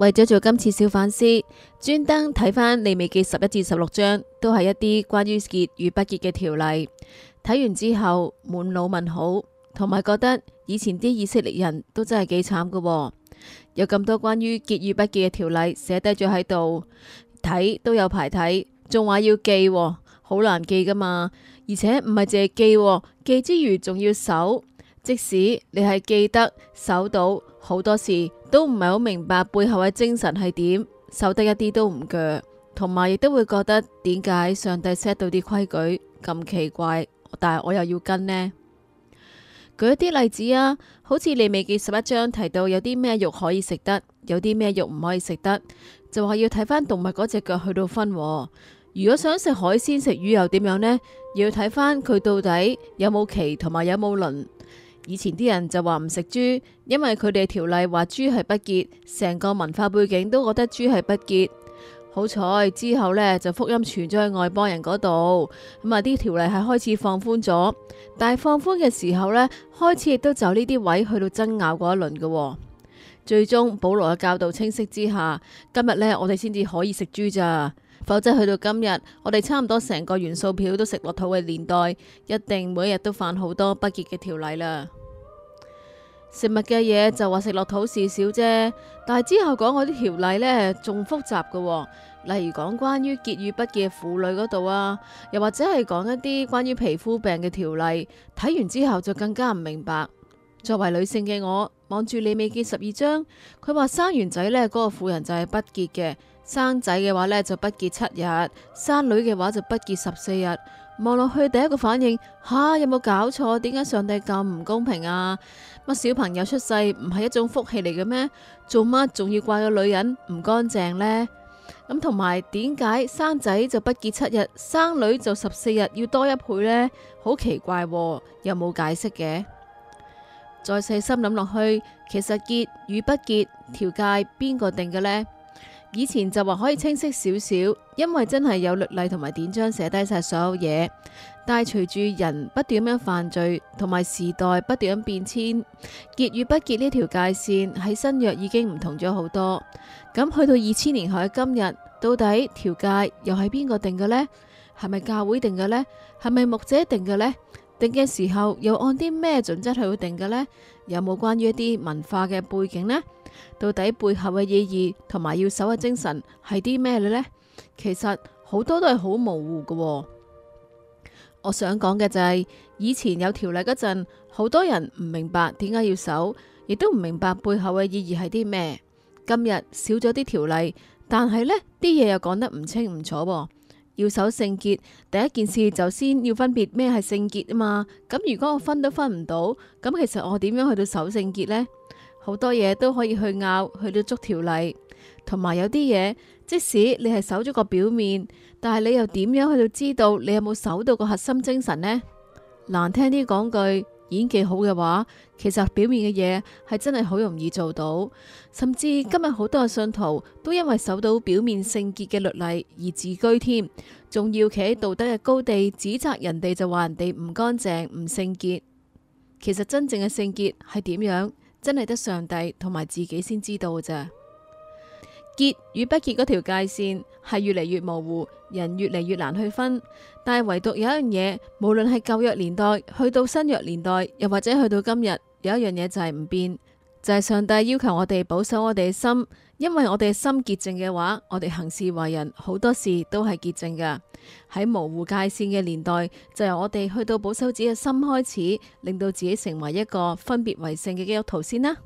為咗做今次小反思，專登睇返《利未記》十一至十六章，都係一啲關於潔與不潔嘅條例。睇完之後滿腦問號，同埋覺得以前啲以色列人都真係幾慘噶，有咁多關於潔與不潔嘅條例寫低咗喺度，睇都有排睇，仲話要記喎，好難記噶嘛，而且唔係淨係記喎，記之餘仲要守。即使你係記得守到好多時，都唔係好明白背後嘅精神係點，守得一啲都唔腳，同埋亦都會覺得點解上帝 set 到啲規矩咁奇怪，但係我又要跟呢？舉一啲例子啊，好似利未記十一章提到有啲咩肉可以食得，有啲咩肉唔可以食得，就話要睇翻動物嗰隻腳去到分和。如果想食海鮮食魚又點樣呢？要睇翻佢到底有冇鰭，同埋有冇鱗。以前啲人就話唔食豬，因為佢哋條例話豬係不潔，成個文化背景都覺得豬係不潔。好彩之後呢，就福音傳咗去外邦人嗰度，咁啊啲條例係開始放寬咗，但係放寬嘅時候呢，開始亦都就呢啲位去到爭拗嗰一輪嘅。最終保羅嘅教導清晰之下，今日呢，我哋先至可以食豬咋，否則去到今日，我哋差唔多成個元素表都食落肚嘅年代，一定每日都犯好多不潔嘅條例啦。食物嘅嘢就話食落肚事少啫，但係之後講嗰啲條例呢，仲複雜㗎，例如講關於潔與不潔婦女嗰度啊，又或者係講一啲關於皮膚病嘅條例，睇完之後就更加唔明白。作為女性嘅我，望住《利未記》十二章，佢話生完仔呢，嗰、那個婦人就係不潔嘅；生仔嘅話呢，就不潔七日，生女嘅話就不潔十四日。望落去第一個反應，吓，有冇搞錯？點解上帝咁唔公平啊？乜小朋友出世唔係一種福氣嚟嘅咩？做乜仲要怪個女人唔乾淨呢？咁同埋點解生仔就不潔七日，生女就十四日要多一倍呢？好奇怪、啊，有冇解釋嘅？再細心諗落去，其實結與不結，條界邊個定嘅呢？以前就話可以清晰少少，因為真係有律例同埋典章寫低晒所有嘢。但係隨住人不斷咁樣犯罪，同埋時代不斷咁變遷，結與不結呢條界線喺新約已經唔同咗好多。咁去到二千年後，嘅今日，到底條界又係邊個定嘅呢？係咪教會定嘅呢？係咪牧者定嘅呢？定嘅時候又按啲咩準則去定嘅呢？有冇關於一啲文化嘅背景呢？到底背後嘅意義同埋要守嘅精神係啲咩嘅呢？其實好多都係好模糊嘅、哦。我想講嘅就係、是、以前有條例嗰陣，好多人唔明白點解要守，亦都唔明白背後嘅意義係啲咩。今日少咗啲條例，但係呢啲嘢又講得唔清唔楚喎、哦。要守聖潔，第一件事就先要分別咩係聖潔啊嘛。咁如果我分都分唔到，咁其實我點樣去到守聖潔呢？好多嘢都可以去拗，去到捉條例，同埋有啲嘢，即使你係守咗個表面，但係你又點樣去到知道你有冇守到個核心精神呢？難聽啲講句。演技好嘅話，其實表面嘅嘢係真係好容易做到，甚至今日好多嘅信徒都因為守到表面聖潔嘅律例而自居添，仲要企喺道德嘅高地指責人哋就話人哋唔乾淨、唔聖潔。其實真正嘅聖潔係點樣，真係得上帝同埋自己先知道咋。結與不結嗰條界線係越嚟越模糊，人越嚟越難去分。但係唯獨有一樣嘢，無論係舊約年代，去到新約年代，又或者去到今日，有一樣嘢就係唔變，就係上帝要求我哋保守我哋嘅心，因為我哋心潔淨嘅話，我哋行事為人好多事都係潔淨㗎。喺模糊界線嘅年代，就由我哋去到保守自己嘅心開始，令到自己成為一個分別為聖嘅基督徒先啦。